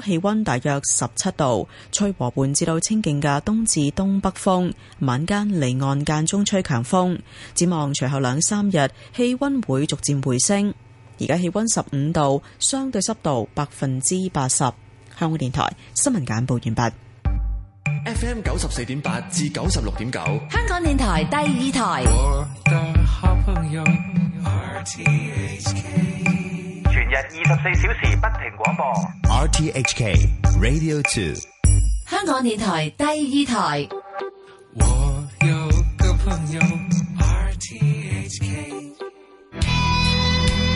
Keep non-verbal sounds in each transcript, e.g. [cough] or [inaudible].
氣溫大約十七度，吹和緩至到清勁嘅東至東北風，晚間離岸間中吹強風。展望隨後兩三日，氣溫會逐漸回升。而家氣溫十五度，相對濕度百分之八十。香港電台新聞簡報完畢。FM 九十四點八至九十六點九，香港電台第二台。全日二十四小時不停廣播，RTHK Radio Two，香港電台第二台。我有個朋友，RTHK。R T H K。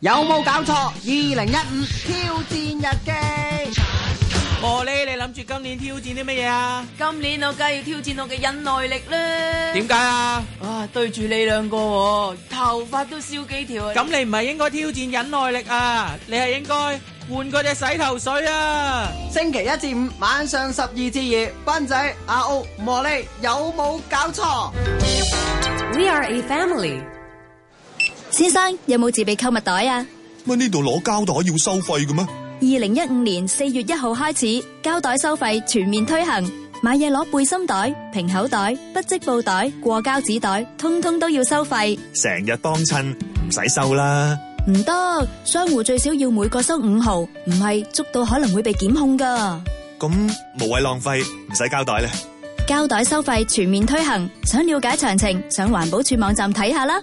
有冇搞錯？二零一五挑戰日記，莫呢，你諗住今年挑戰啲乜嘢啊？今年我梗係要挑戰我嘅忍耐力啦。點解啊？啊對住你兩個，頭髮都燒幾條。咁你唔係應該挑戰忍耐力啊？你係應該換嗰隻洗頭水啊？星期一至五晚上十二至二，斌仔阿屋，莫呢？有冇搞錯？We are a family. 先生有冇自備購物袋啊？乜呢度攞膠袋要收費嘅咩？二零一五年四月一號開始，膠袋收費全面推行，買嘢攞背心袋、平口袋、不織布袋、過膠紙袋，通通都要收費。成日幫襯唔使收啦？唔得，商戶最少要每個收五毫，唔係捉到可能會被檢控噶。咁無謂浪費，唔使膠袋咧。膠袋收費全面推行，想了解詳情，上環保署網站睇下啦。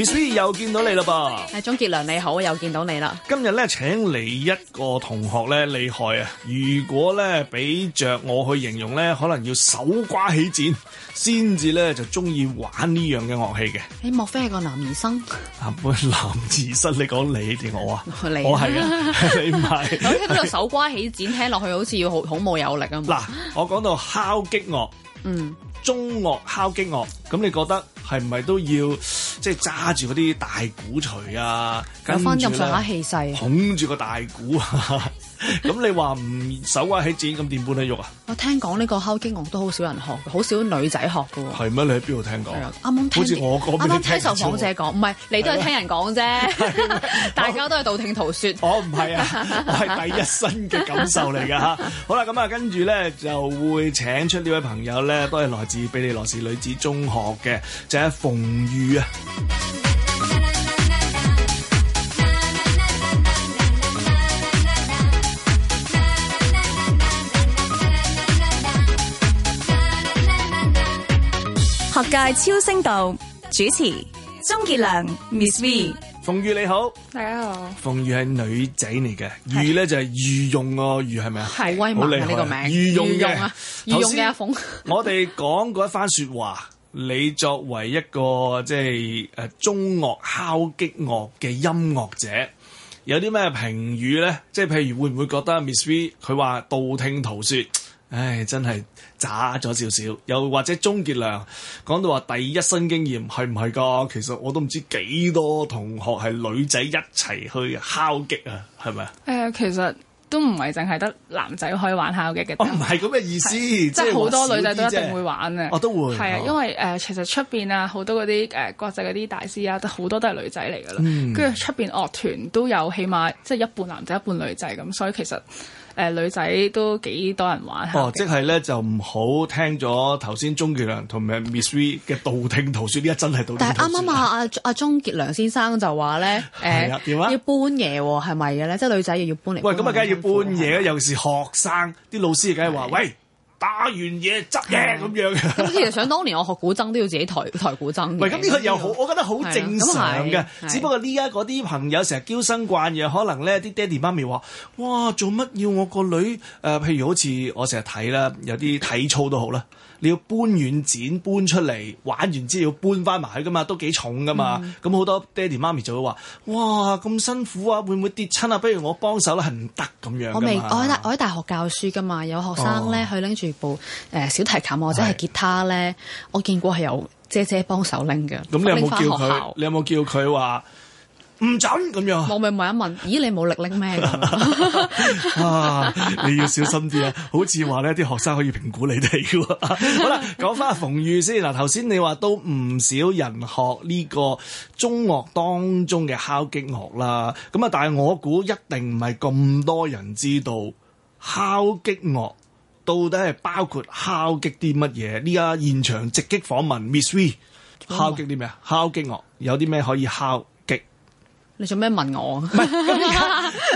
Ms V，又見到你啦噃。係鍾傑良你好，又見到你啦。今日咧，請嚟一個同學咧厲害啊！如果咧畀着我去形容咧，可能要手瓜起剪先至咧就鍾意玩呢樣嘅樂器嘅。你、欸、莫非係個男兒生？啊，男兒身？你講你定我你啊？我係啊，你唔係。我聽嗰個手瓜起剪，是聽落去好似要好好冇有力啊。嗱，我講到敲擊樂，嗯，中樂敲擊樂，咁你覺得？係唔係都要即係揸住嗰啲大鼓槌啊，跟住氣勢捧住個大鼓。 [laughs] 咁、 [laughs] 嗯、你話唔手握喺剪咁點半得喐啊？我聽講呢個敲擊樂都好少人學，好少女仔學嘅。係咩？你喺邊度聽講？啱啱好似我嗰邊聽。啱啱聽受訪者講，唔係你都係聽，聽人講啫，嗎 [laughs] [laughs] 大家都係道聽途說。哦， [laughs] 唔係啊，我係第一身嘅感受嚟噶吓。 [laughs] [laughs] [laughs] 好啦，咁啊，跟住咧就會請出呢位朋友咧，都係來自庇理羅士女子中學嘅，就係馮御啊。界超聲道主持鍾傑良 Miss V，馮御你好，大家好。馮御係女仔嚟嘅，御咧就係御用哦，御係咪啊？係，好威猛呢個名，御用嘅。御用嘅阿馮，我哋講嗰一番說話，你作為一個即係誒中樂敲擊樂嘅音樂者，有啲咩評語咧？即係譬如會唔會覺得 Miss V 佢話道聽途說？唉，真係渣咗少少，又或者鍾傑良講到話第一身經驗係唔係㗎？其實我都唔知幾多同學係女仔一齊去敲擊啊，係咪啊？誒、呃，其實都唔係淨係得男仔可以玩敲擊嘅。唔係咁嘅意思，是即係是好多女仔都一定會玩嘅。我、哦、都會係啊，啊因為誒、呃，其實出邊啊好多嗰啲誒國際嗰啲大師啊，好多都係女仔嚟噶啦。跟住出邊樂團都有起碼即係、就是、一半男仔一半女仔咁，所以其實。誒、呃、女仔都幾多人玩？哦，即係咧就唔好聽咗頭先鍾傑良同埋 Ms V 嘅道聽途說，呢一真係道聽。但係啱啱啊 [laughs] 啊鍾傑、啊、良先生就話咧誒， [laughs] 哎、要搬嘢係咪嘅咧？即係女仔又要搬嚟。喂，咁啊，梗係要搬嘢啦， [laughs] 尤其是學生，啲老師梗係話喂。打完嘢執嘢咁樣、嗯，咁其實想當年我學古箏都要自己抬抬古箏嘅。唔係，咁呢個又好，嗯、我覺得好正常嘅。嗯嗯、只不過呢家嗰啲朋友成日嬌生慣養，嗯、可能咧啲爹哋媽咪話：「哇，做乜要我個女？誒、呃，譬如好似我成日睇啦，有啲體操都好啦。你要搬完剪搬出嚟玩完之後，搬翻埋去噶嘛，都幾重噶嘛。咁好、嗯、多爹哋媽咪就會話：哇，咁辛苦啊，會唔會跌親啊？不如我幫手啦，係唔得咁樣。我未，我喺大，我喺大學教書噶嘛，有學生咧，佢拎住部誒小提琴或者係吉他咧，是我見過係有姐姐幫手拎嘅。咁你有冇叫佢？你有冇叫佢話？唔準咁樣，我咪問一問，咦？你冇力拎咩？ [laughs] [laughs] 啊！你要小心啲啊！好似話咧，啲學生可以評估你哋喎。 [laughs] 好啦，講翻阿馮御先嗱。頭先你話都唔少人學呢個中樂當中嘅敲擊樂啦。咁啊，但係我估一定唔係咁多人知道敲擊樂到底係包括敲擊啲乜嘢。呢家現場直擊訪問 Ms V 敲擊啲咩啊？敲擊、哦、樂有啲咩可以敲？你做咩問我？唔係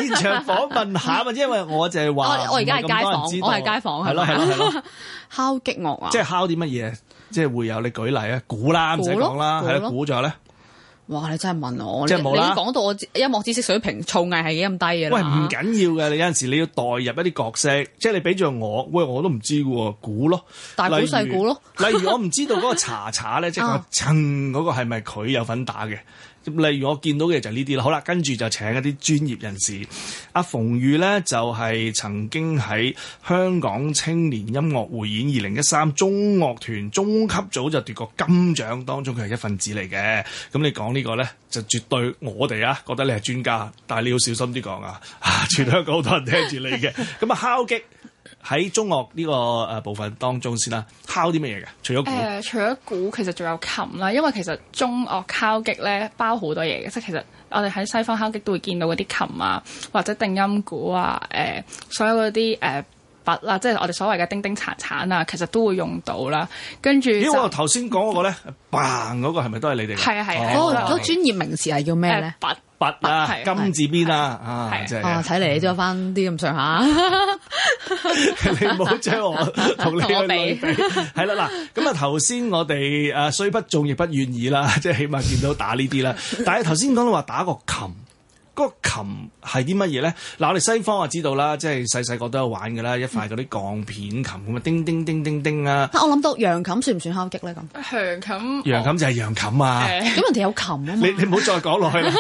現場訪問下嘛，因為我就係話我而家係街坊，我係街坊係咯，係咯敲擊樂啊，即係敲啲乜嘢？即係會有你舉例啊？鼓啦，唔使講啦，係啦，鼓咗咧。哇！你真係問我，即係你講到我音樂知識水平、造詣係幾咁低嘅？喂，唔緊要嘅。你有陣時你要代入一啲角色，即係你俾住我，喂，我都唔知嘅喎，鼓咯，但大鼓細鼓咯。例如我唔知道嗰個查查咧，即係個蹭嗰個係咪佢有份打嘅？例如我見到嘅就係呢啲啦，好啦，跟住就請一啲專業人士。阿馮御呢，就係、是、曾經喺香港青年音樂匯演二零一三中樂團中級組就奪過金獎，當中佢係一份子嚟嘅。咁你講呢個呢，就絕對我哋啊覺得你係專家，但係你要小心啲講啊，全香港好多人聽住你嘅。咁啊 [laughs] 敲擊。喺中樂呢個誒部分當中先啦，啊，敲啲咩嘢嘅？除咗誒，呃，除咗鼓，其實仲有琴啦。因為其實中樂敲擊咧包好多嘢嘅，即係其實我哋喺西方敲擊都會見到嗰啲琴啊，或者定音鼓啊，誒，呃，所有嗰啲誒鈸啦，即係我哋所謂嘅叮叮鏟鏟啊，其實都會用到啦。跟住因為，我頭先講嗰個咧，棒嗰個係咪都係你哋？係啊係啊，嗰嗰專業名詞係叫咩咧？呃物啊，金字邊啊，啊，真係啊，睇嚟你都有翻啲咁上下，你唔好將我同你去比。係啦，嗱，咁啊，頭先我哋誒雖不中亦不遠矣啦，即係起碼見到打呢啲啦。 [laughs] 但係頭先講到話打個琴。個琴係啲乜嘢咧？嗱、嗯，我哋西方啊知道啦，即係細細個都有玩嘅啦，一塊嗰啲鋼片琴咁啊，叮,叮叮叮叮叮啊！我諗到洋琴算唔算敲擊咧？咁洋琴，洋琴就係洋琴啊！咁、哎、人哋有琴啊嘛！你你唔好再講落去啦，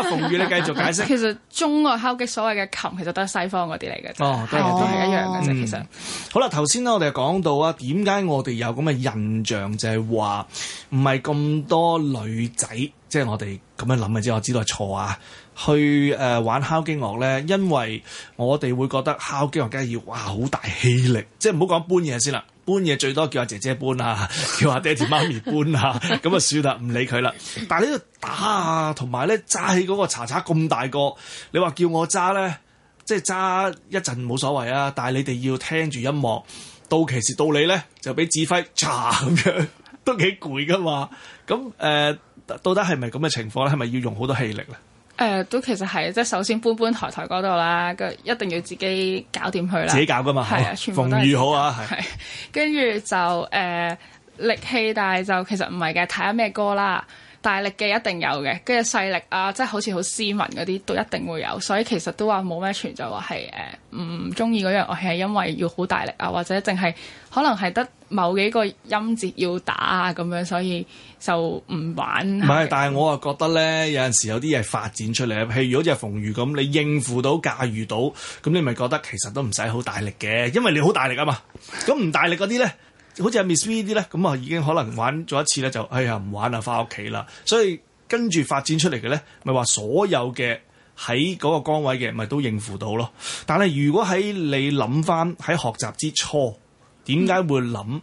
阿馮御你繼續解釋。其實中外敲擊所謂嘅琴，其實都係西方嗰啲嚟嘅哦，都係、哦、都係一樣嘅啫、嗯。其實、嗯、好啦，頭先咧我哋講到啊，點解我哋有咁嘅印象，就係話唔係咁多女仔。即係我哋咁樣諗嘅啫，我知道係錯啊。去誒、呃、玩敲擊樂咧，因為我哋會覺得敲擊樂梗係要哇好大氣力，即係唔好講搬嘢先啦，搬嘢最多叫阿姐姐搬啊，叫阿爹哋媽咪搬啊，咁啊 [laughs] 算啦，唔理佢啦。但係呢度打啊，同埋咧揸起嗰個查查咁大個，你話叫我揸咧，即係揸一陣冇所謂啊。但係你哋要聽住音樂，到其時到你咧就俾指揮，查。咁樣都幾攰噶嘛。咁誒。呃到底係咪咁嘅情況咧？係咪要用好多氣力咧？誒、呃，都其實係，即係首先搬搬抬抬嗰度啦，個一定要自己搞掂佢啦。自己搞噶嘛，係啊對，全部都係。風雨好啊，係。跟住、啊、就誒、呃，力氣，大，就其實唔係嘅，睇下咩歌啦。大力嘅一定有嘅，跟住細力啊，即係好似好斯文嗰啲都一定會有，所以其實都話冇咩存在，話係誒唔中意嗰樣樂器，係因為要好大力啊，或者淨係可能係得某幾個音節要打啊咁樣，所以就唔玩。唔係是，的但係我又覺得咧，有陣時有啲嘢發展出嚟，譬如好似阿馮御咁，你應付到、駕馭到，咁你咪覺得其實都唔使好大力嘅，因為你好大力啊嘛。咁唔大力嗰啲咧？ [laughs] 好似阿 Miss V 啲咧，咁啊已經可能玩咗一次咧，就哎呀唔玩啦，翻屋企啦。所以跟住發展出嚟嘅咧，咪話所有嘅喺嗰個崗位嘅，咪都應付到咯。但係如果喺你諗翻喺學習之初，點解會諗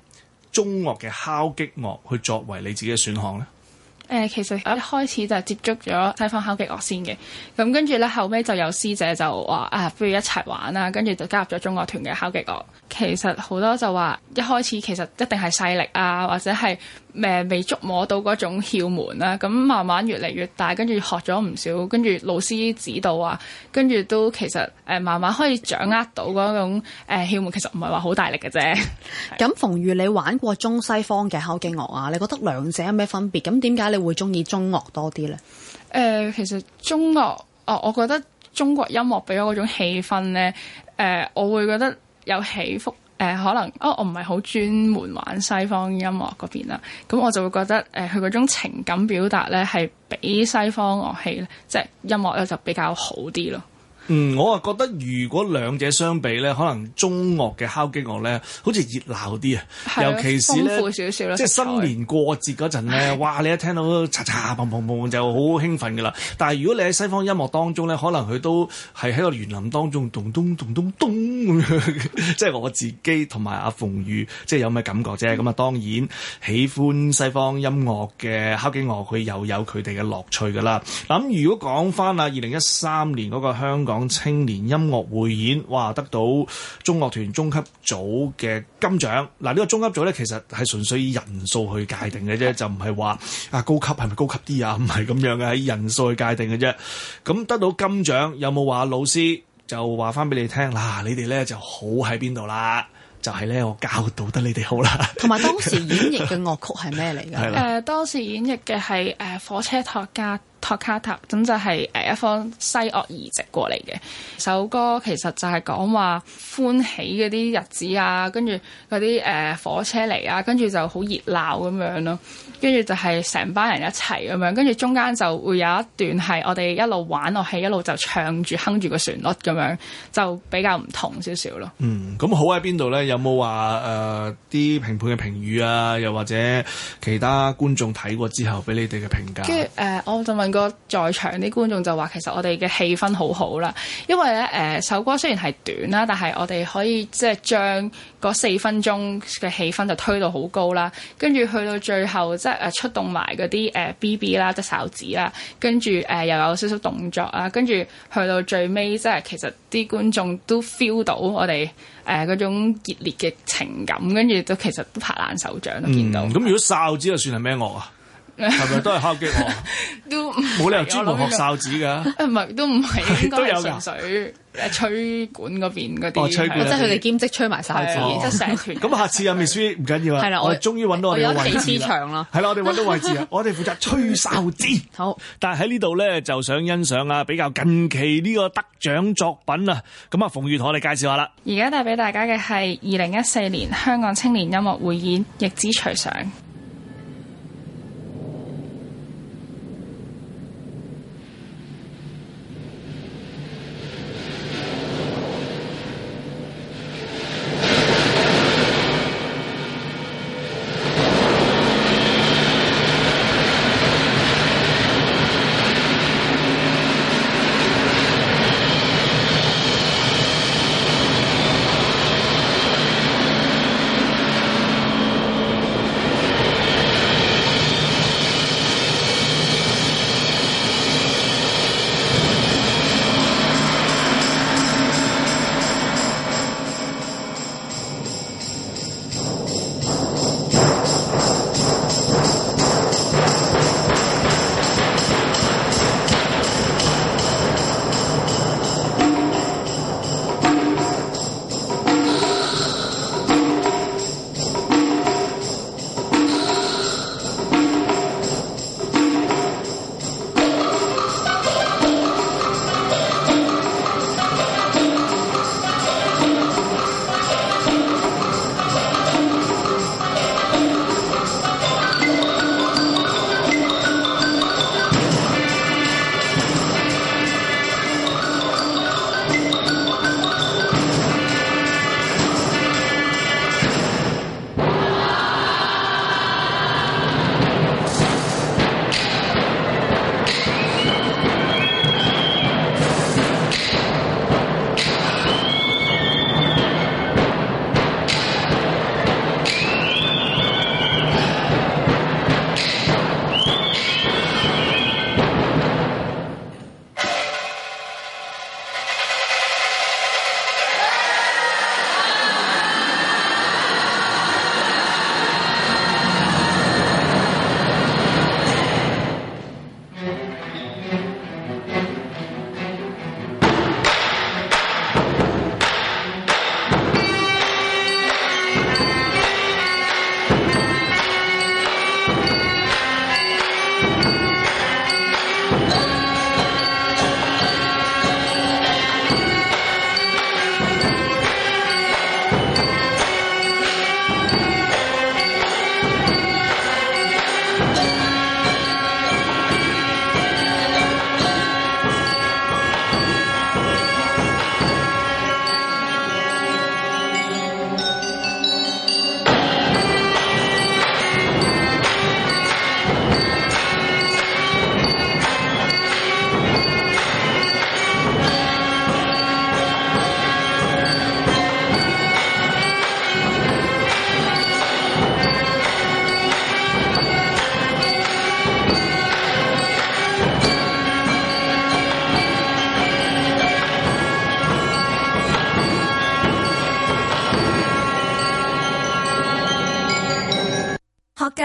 中樂嘅敲擊樂去作為你自己嘅選項咧？誒其實一開始就接觸咗西方敲擊樂先嘅，咁跟住咧後尾就有師姐就話啊，不如一齊玩啦，跟住就加入咗中樂團嘅敲擊樂。其實好多就話一開始其實一定係勢力啊，或者係誒未觸摸到嗰種竅門啦。咁慢慢越嚟越大，跟住學咗唔少，跟住老師指導啊，跟住都其實誒慢慢可以掌握到嗰種誒竅門，其實唔係話好大力嘅啫。咁馮御，如你玩過中西方嘅敲擊樂啊？你覺得兩者有咩分別？咁點解你會中意中樂多啲呢？誒、呃，其實中樂，哦，我覺得中國音樂俾我嗰種氣氛呢，誒、呃，我會覺得有起伏，誒、呃，可能，哦，我唔係好專門玩西方音樂嗰邊啦，咁我就會覺得，誒、呃，佢嗰種情感表達呢，係比西方樂器，即、就、係、是、音樂咧，就比較好啲咯。嗯，我啊覺得如果兩者相比咧，可能中樂嘅敲擊樂咧，好似熱鬧啲啊，尤其是咧，即係新年過節嗰陣咧，的哇！你一聽到嚓嚓嘭嘭嘭就好興奮噶啦。但係如果你喺西方音樂當中咧，可能佢都係喺個園林當中咚咚咚咚咚咁樣。即 [laughs] 係 [laughs] 我自己同埋阿馮御即係有咩感覺啫。咁啊，當然喜歡西方音樂嘅敲擊樂佢又有佢哋嘅樂趣噶啦。咁如果講翻啊，二零一三年嗰個香港，香港。青年音樂會演，哇，得到中樂團中級組嘅金獎。嗱、啊，呢、這個中級組咧，其實係純粹以人數去界定嘅啫，就唔係話啊高級係咪高級啲啊，唔係咁樣嘅，係人數去界定嘅啫。咁、啊、得到金獎，有冇話老師就話翻俾你聽啦、啊？你哋咧就好喺邊度啦？就係、是、咧，我教導得你哋好啦。同埋當時演繹嘅樂曲係咩嚟嘅？誒 [laughs] 是的、呃，當時演繹嘅係誒火車托家。t 托卡塔咁就係、是、誒一方西樂移植過嚟嘅首歌，其實就係講話歡喜嗰啲日子啊，跟住嗰啲誒火車嚟啊，跟住就好熱鬧咁樣咯，跟住就係成班人一齊咁樣，跟住中間就會有一段係我哋一路玩樂，係一路就唱住哼住個旋律咁樣，就比較唔同少少咯。嗯，咁好喺邊度咧？有冇話誒啲評判嘅評語啊？又或者其他觀眾睇過之後，俾你哋嘅評價？跟住誒、呃，我就問。個在場啲觀眾就話，其實我哋嘅氣氛好好啦，因為咧，誒、呃、首歌雖然係短啦，但係我哋可以即係將嗰四分鐘嘅氣氛就推到好高啦，跟住去到最後即係誒出動埋嗰啲誒 B B 啦，呃、BB, 即哨子啦，跟住誒又有少少動作啊，跟住去到最尾即係其實啲觀眾都 feel 到我哋誒嗰種熱烈嘅情感，跟住都其實都拍爛手掌咯，見到。咁、嗯、如果哨子又算係咩樂啊？係咪都係敲擊？都冇理由專門學哨子噶，唔係都唔係，都有嘅吹管嗰邊嗰啲，即係佢哋兼職吹埋哨子，即係成團咁。下次入面輸唔緊要啊，係啦，我終於揾到我哋嘅位置啦，係啦，我哋揾到位置啦，我哋負責吹哨子。好，但係喺呢度咧，就想欣賞啊，比較近期呢個得獎作品啊。咁啊，馮御，同我哋介紹下啦。而家帶俾大家嘅係二零一四年香港青年音樂會演《逆子隨想》。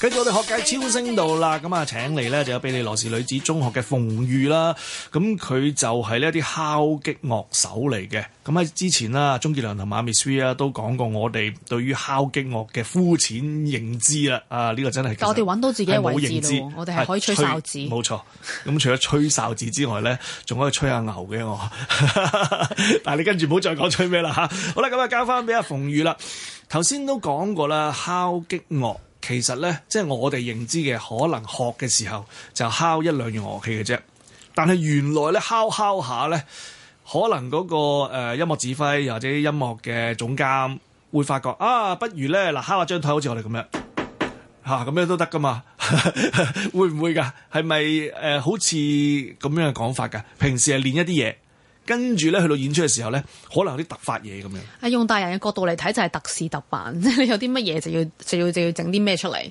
跟住我哋學界超新星啦，咁啊喂，請嚟咧就有庇理羅士女子中學嘅馮御啦。咁佢、嗯、就係呢一啲敲擊樂手嚟嘅。咁喺、嗯、之前啦，鍾傑良同阿 Ms V 啊都講過我哋對於敲擊樂嘅膚淺認知啦。啊，呢、這個真係，我哋搵到自己嘅位置啦。我哋係可以吹哨子，冇錯。咁、嗯、除咗吹哨子之外咧，仲可以吹下牛嘅我。哦、 [laughs] 但係你跟住唔好再講吹咩啦吓。好啦，咁、嗯、啊交翻俾阿馮御啦。頭先都講過啦，敲擊樂。啊啊啊其實咧，即係我哋認知嘅，可能學嘅時候就敲一兩樣樂器嘅啫。但係原來咧，敲敲下咧，可能嗰、那個誒、呃、音樂指揮或者音樂嘅總監會發覺啊，不如咧嗱敲下張台、啊 [laughs] 呃，好似我哋咁樣吓，咁樣都得噶嘛？會唔會噶？係咪誒？好似咁樣嘅講法噶？平時係練一啲嘢。跟住咧去到演出嘅時候咧，可能有啲突發嘢咁樣。啊，用大人嘅角度嚟睇就係、是、特事特辦， [laughs] 即係你有啲乜嘢就要就要就要整啲咩出嚟，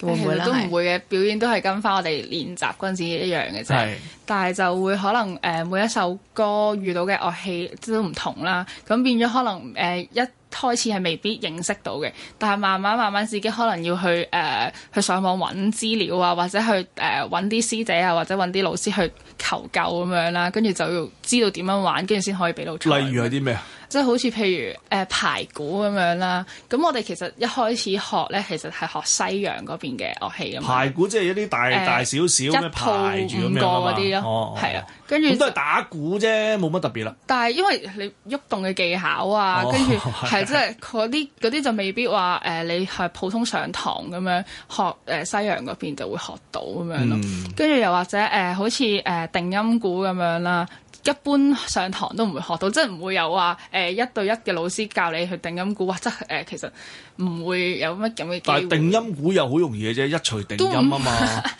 的會唔會咧？都唔會嘅表演都係跟翻我哋練習嗰陣時一樣嘅啫，的但係就會可能誒、呃、每一首歌遇到嘅樂器都唔同啦，咁變咗可能誒、呃、一。開始係未必認識到嘅，但係慢慢慢慢自己可能要去誒、呃、去上網揾資料啊，或者去誒揾啲師姐啊，或者揾啲老師去求救咁樣啦，跟住就要知道點樣玩，跟住先可以俾到。例如係啲咩啊？即係好似譬如誒排鼓咁樣啦，咁我哋其實一開始學咧，其實係學西洋嗰邊嘅樂器咁。排鼓即係一啲大、呃、大少少咩排住咁樣嗰啲咯，係、哦哦、啊，跟住都係打鼓啫，冇乜特別啦。但係因為你喐動嘅技巧啊，跟住係即係嗰啲嗰啲就未必話誒，你係普通上堂咁樣學誒西洋嗰邊就會學到咁樣咯。跟住又或者誒、呃，好似誒定音鼓咁樣啦。一般上堂都唔會學到，即係唔會有話誒、呃、一對一嘅老師教你去定音鼓，即係誒其實唔會有乜咁嘅機會。但係定音鼓又好容易嘅啫，一錘定音啊嘛，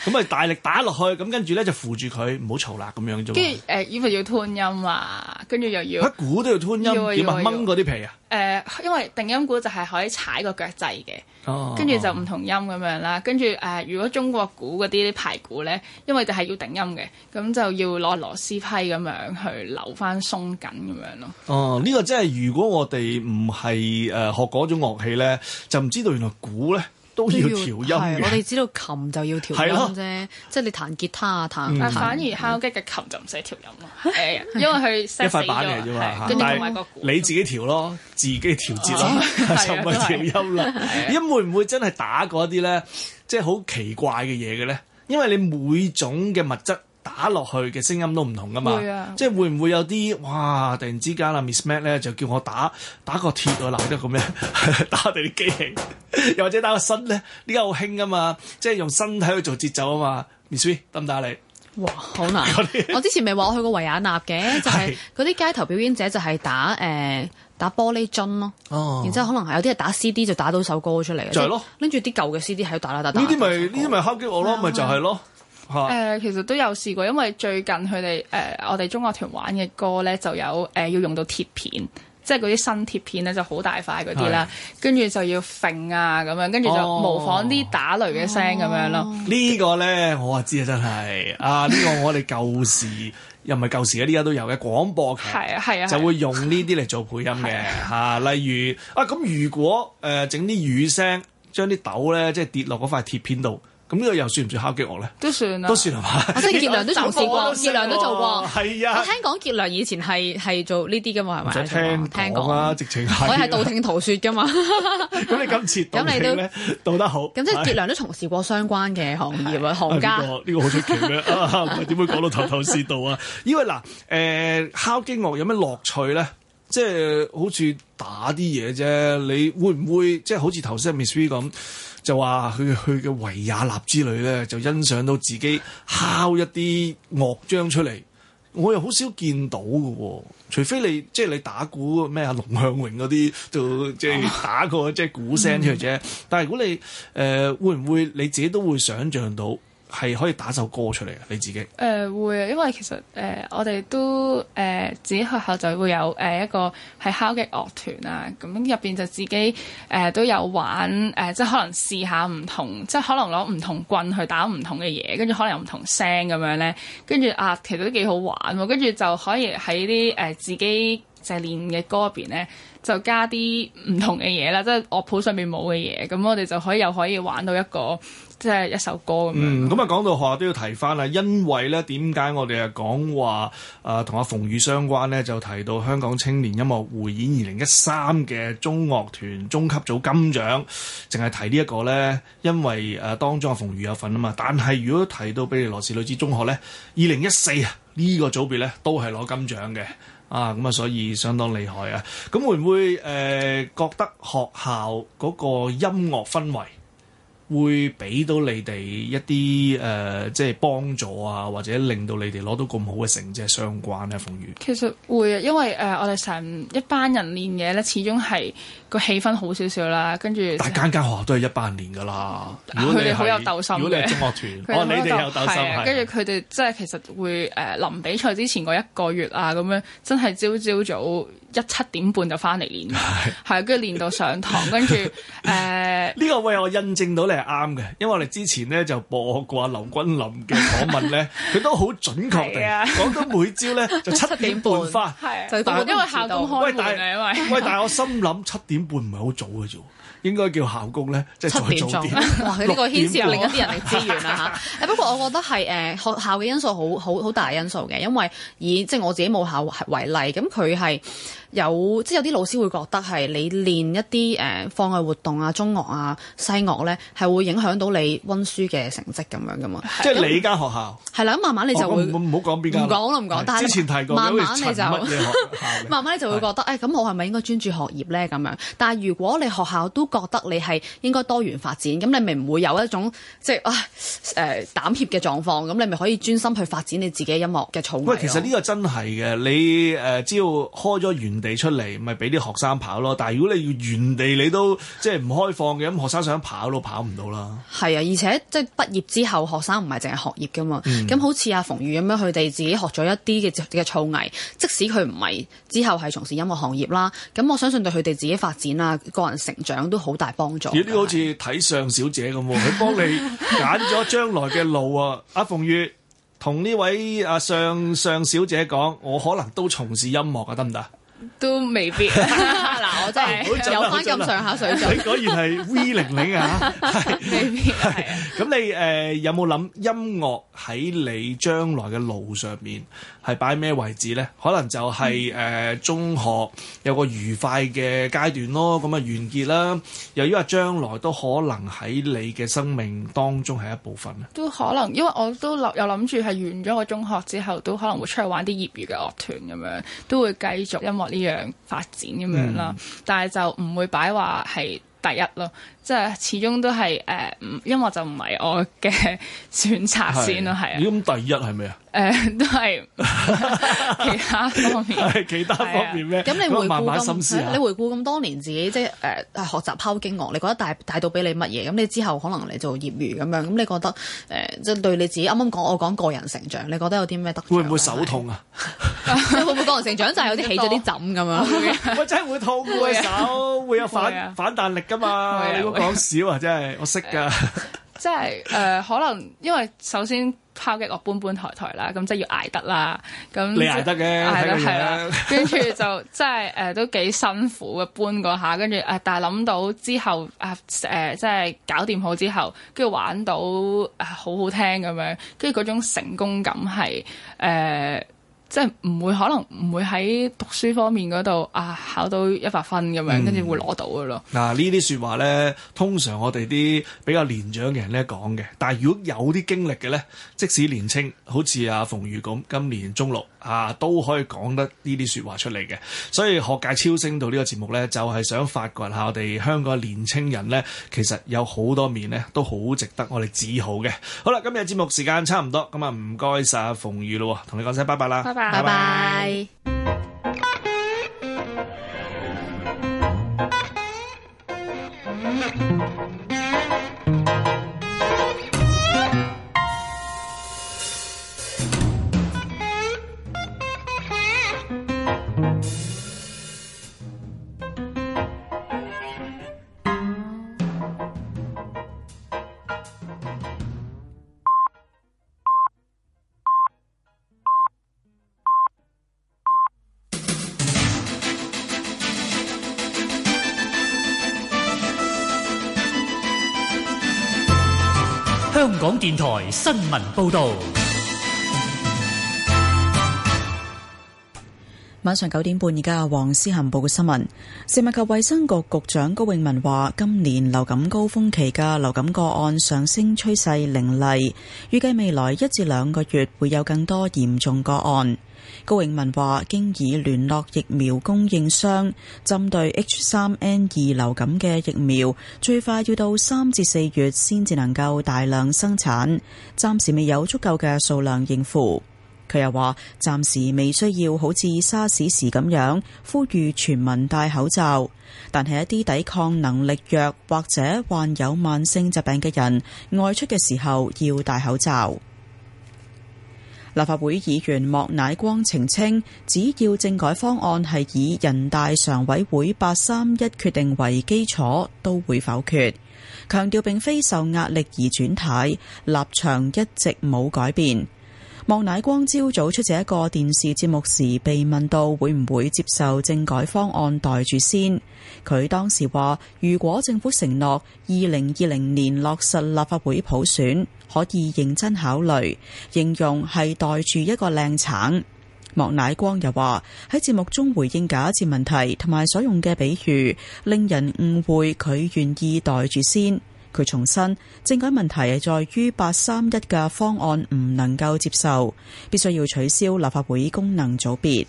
咁咪都不 [laughs] 大力打落去，咁跟住咧就扶住佢，唔好嘈喇咁樣啫。跟住誒，因、呃、為要，要吞音啊，跟住又要，喺鼓都要吞音，點啊掹嗰啲皮啊？樣誒，uh, 因為定音鼓就係可以踩個腳掣嘅，跟住、哦、就唔同音咁樣啦。跟住誒，uh, 如果中國鼓嗰啲排鼓咧，因為就係要定音嘅，咁就要攞螺絲批咁樣去留翻鬆緊咁樣咯。哦，呢、這個即、就、係、是、如果我哋唔係誒學嗰種樂器咧，就唔知道原來鼓咧。都要調音，我哋知道琴就要調音啫，即係你彈吉他啊彈。但反而敲擊嘅琴就唔使調音啦，因為佢一塊板嚟啫嘛。你自己調咯，自己調節咯，就唔係調音啦。咁會唔會真係打嗰啲咧？即係好奇怪嘅嘢嘅咧，因為你每種嘅物質。打落去嘅聲音都唔同噶嘛，即係會唔會有啲哇？突然之間啦，miss Mac 咧就叫我打打個鐵啊，嗱啲咁咩？打地啲機器，又或者打個身咧，呢家好興啊嘛，即係用身體去做節奏啊嘛。Ms V 得唔得你？哇，好難！我之前咪話我去過維也納嘅，就係嗰啲街頭表演者就係打誒打玻璃樽咯，然之後可能係有啲係打 CD 就打到首歌出嚟，就係咯。拎住啲舊嘅 CD 喺度打打打打，呢啲咪呢啲咪敲擊樂咯，咪就係咯。誒、嗯，其實都有試過，因為最近佢哋誒，我哋中樂團玩嘅歌咧，就有誒、呃、要用到鐵片，即係嗰啲新鐵片咧就好大塊嗰啲啦，跟住是就要揈啊咁樣，跟住就模仿啲打雷嘅聲咁樣咯。哦哦、個呢個咧我啊知 [laughs] 啊，真係啊呢個我哋舊時又唔係舊時啊，呢家都有嘅廣播劇，係啊係啊，就會用呢啲嚟做配音嘅吓、啊啊，例如啊咁如果誒整啲雨聲，將啲豆咧即係跌落嗰塊鐵片度。咁呢個又算唔算敲擊樂咧？都算啦，都算係嘛？即係傑良都從事過，傑良都做過。係啊，我聽講傑良以前係係做呢啲嘅嘛，係咪？就聽講啦，直情係。我係道聽途説嘅嘛。咁你今次咁你都道得好。咁即係傑良都從事過相關嘅行業啊，行家。呢個好出奇咩？啊，點會講到頭頭是道啊？因為嗱，誒，敲擊樂有咩樂趣咧？即係好似打啲嘢啫。你會唔會即係好似頭先 Miss V 咁？就話佢佢嘅維也納之旅咧，就欣賞到自己敲一啲樂章出嚟，我又好少見到嘅喎、哦。除非你即係你打鼓咩啊，龍向榮嗰啲就即係打個即係、就是、鼓聲出嚟啫。嗯、但係如果你誒、呃、會唔會你自己都會想像到？係可以打首歌出嚟嘅，你自己？誒、呃、會啊，因為其實誒、呃、我哋都誒、呃、自己學校就會有誒、呃、一個係敲擊樂團啊。咁入邊就自己誒、呃、都有玩誒、呃，即係可能試下唔同，即係可能攞唔同棍去打唔同嘅嘢，跟住可能有唔同聲咁樣咧，跟住啊，其實都幾好玩喎，跟住就可以喺啲誒自己。就係練嘅歌入邊咧，就加啲唔同嘅嘢啦，即係樂譜上面冇嘅嘢，咁我哋就可以又可以玩到一個即係一首歌咁樣嗯。嗯，咁啊講到學校都要提翻啊，因為咧點解我哋係講話啊同、呃、阿馮御相關咧，就提到香港青年音樂會演二零一三嘅中樂團中級組金獎，淨係提呢一個咧，因為誒、呃、當中阿馮御有份啊嘛。但係如果提到庇理羅士女子中學咧，二零一四啊呢個組別咧都係攞金獎嘅。啊，咁啊，所以相當厲害啊！咁會唔會誒、呃、覺得學校個音樂氛圍？會俾到你哋一啲誒，即係幫助啊，或者令到你哋攞到咁好嘅成績相關咧，馮御？其實會啊，因為誒，我哋成一班人練嘢咧，始終係個氣氛好少少啦。跟住，但間間學校都係一班人練噶啦。佢哋好有鬥心嘅，如果你係中樂團，哦，你哋有鬥心。跟住佢哋即係其實會誒，臨比賽之前嗰一個月啊，咁樣真係朝朝早一七點半就翻嚟練，係跟住練到上堂，跟住誒。呢個喂，我印證到你。係啱嘅，因為我哋之前咧就播過阿劉君林嘅訪問咧，佢都好準確地講緊每朝咧就七點半翻，就因為校工開門啊，因為喂，但係我心諗七點半唔係好早嘅啫，應該叫校工咧即係早啲。六點半，呢個牽涉另一啲人力資源啦吓。誒，不過我覺得係誒學校嘅因素好好好大因素嘅，因為以即係我自己母校為例，咁佢係。有即係有啲老師會覺得係你練一啲誒課外活動啊、中樂啊、西樂咧，係會影響到你温書嘅成績咁樣噶嘛？即係你間學校係啦，咁慢慢你就會唔好講邊間？唔講啦，唔講。但係之前提過，慢慢你就 [laughs] 慢慢你就會覺得誒，咁是、哎、我係咪應該專注學業咧？咁樣，但係如果你學校都覺得你係應該多元發展，咁你咪唔會有一種即係誒、呃、膽怯嘅狀況，咁你咪可以專心去發展你自己音樂嘅造詣。喂，其實呢個真係嘅，你誒只要開咗元地出嚟，咪俾啲學生跑咯。但係如果你要原地，你都即係唔開放嘅。咁學生想跑都跑唔到啦。係啊，而且即係畢業之後，學生唔係淨係學業噶嘛。咁好似阿馮御咁樣，佢哋自己學咗一啲嘅嘅操藝，即使佢唔係之後係從事音樂行業啦，咁我相信對佢哋自己發展啊，個人成長都好大幫助。咦，呢好似睇相小姐咁，佢 [laughs] 幫你揀咗將來嘅路 [laughs] 啊雨。阿馮御同呢位阿相相小姐講，我可能都從事音樂啊，得唔得？都未必、 [laughs] [laughs] 啊，嗱我真係有翻咁上下水準。你果然係 V 零零啊， [laughs] 是 [laughs] 未必是。咁是 [laughs] 你誒、呃、有冇諗音樂喺你將來嘅路上面係擺咩位置咧？可能就係、是、誒、呃、中學有個愉快嘅階段咯，咁啊完結啦。由於話將來都可能喺你嘅生命當中係一部分啊，都可能因為我都諗有諗住係完咗個中學之後，都可能會出去玩啲業餘嘅樂團咁樣，都會繼續音樂。呢樣發展咁樣啦，嗯、但係就唔會擺話係第一咯，即、就、係、是、始終都係誒，音、呃、樂就唔係我嘅選擇先咯，係是。咁、啊、第一係咩啊？誒、呃，都係 [laughs] 其他方面。 [laughs] 其他方面咩、啊？咁麼你回顧咁，慢慢你回顧咁多年自己，即係誒學習敲擊樂，你覺得帶帶到俾你乜嘢？咁你之後可能你做業餘咁樣，咁你覺得誒，即、呃、係對你自己啱啱講，我講個人成長，你覺得有啲咩得？會唔會手痛啊？ [laughs] [laughs] 會唔會個人成長 [laughs] 就係有啲起咗啲枕咁 [laughs] [laughs] 啊？我真係會痛個手，會有反反彈力噶嘛？你唔好講少啊！真係我識噶，即係誒，可能因為首先敲擊落搬搬抬抬啦，咁即係要捱得啦。咁你捱得嘅係啦，係啦。跟住、 [laughs] 啊、就即係誒，都幾辛苦嘅搬嗰下。跟住誒，但係諗到之後誒誒，即、呃、係搞掂好之後，跟住玩到好好聽咁樣，跟住嗰種成功感係誒。呃呃即係唔會可能唔會喺讀書方面嗰度啊考到一百分咁樣，跟住、嗯、會攞到嘅咯。嗱、啊、呢啲説話咧，通常我哋啲比較年長嘅人咧講嘅，但係如果有啲經歷嘅咧，即使年青，好似阿、啊、馮御咁，今年中六啊，都可以講得呢啲説話出嚟嘅。所以學界超新星呢個節目咧，就係、是、想發掘下我哋香港年青人咧，其實有好多面咧，都好值得我哋自豪嘅。好啦，今日節目時間差唔多，咁啊唔該晒阿馮御咯，同你講聲拜拜啦，拜拜。拜拜。新聞報導。晚上九點半，而家黃思恆報嘅新聞，食物及衛生局局長高永文話，今年流感高峰期嘅流感個案上升趨勢凌厲，預計未來一至兩個月會有更多嚴重個案。高永文話，經已聯絡疫苗供應商，針對 H 三 N 二流感嘅疫苗，最快要到三至四月先至能夠大量生產，暫時未有足夠嘅數量應付。佢又話：暫時未需要好似沙士時咁樣呼籲全民戴口罩，但係一啲抵抗能力弱或者患有慢性疾病嘅人，外出嘅時候要戴口罩。立法會議員莫乃光澄清，只要政改方案係以人大常委會八三一決定為基礎，都會否決，強調並非受壓力而轉態，立場一直冇改變。莫乃光朝早出席一個電視節目時，被問到會唔會接受政改方案待住先，佢當時話：如果政府承諾二零二零年落實立法會普選，可以認真考慮。形容係待住一個靚橙。莫乃光又話喺節目中回應假設問題同埋所用嘅比喻，令人誤會佢願意待住先。佢重申政改問題係在於八三一嘅方案唔能夠接受，必須要取消立法會功能組別。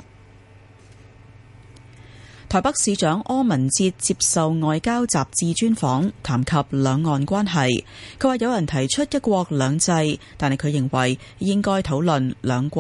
台北市長柯文哲接受外交雜誌專訪，談及兩岸關係，佢話有人提出一國兩制，但係佢認為應該討論兩國。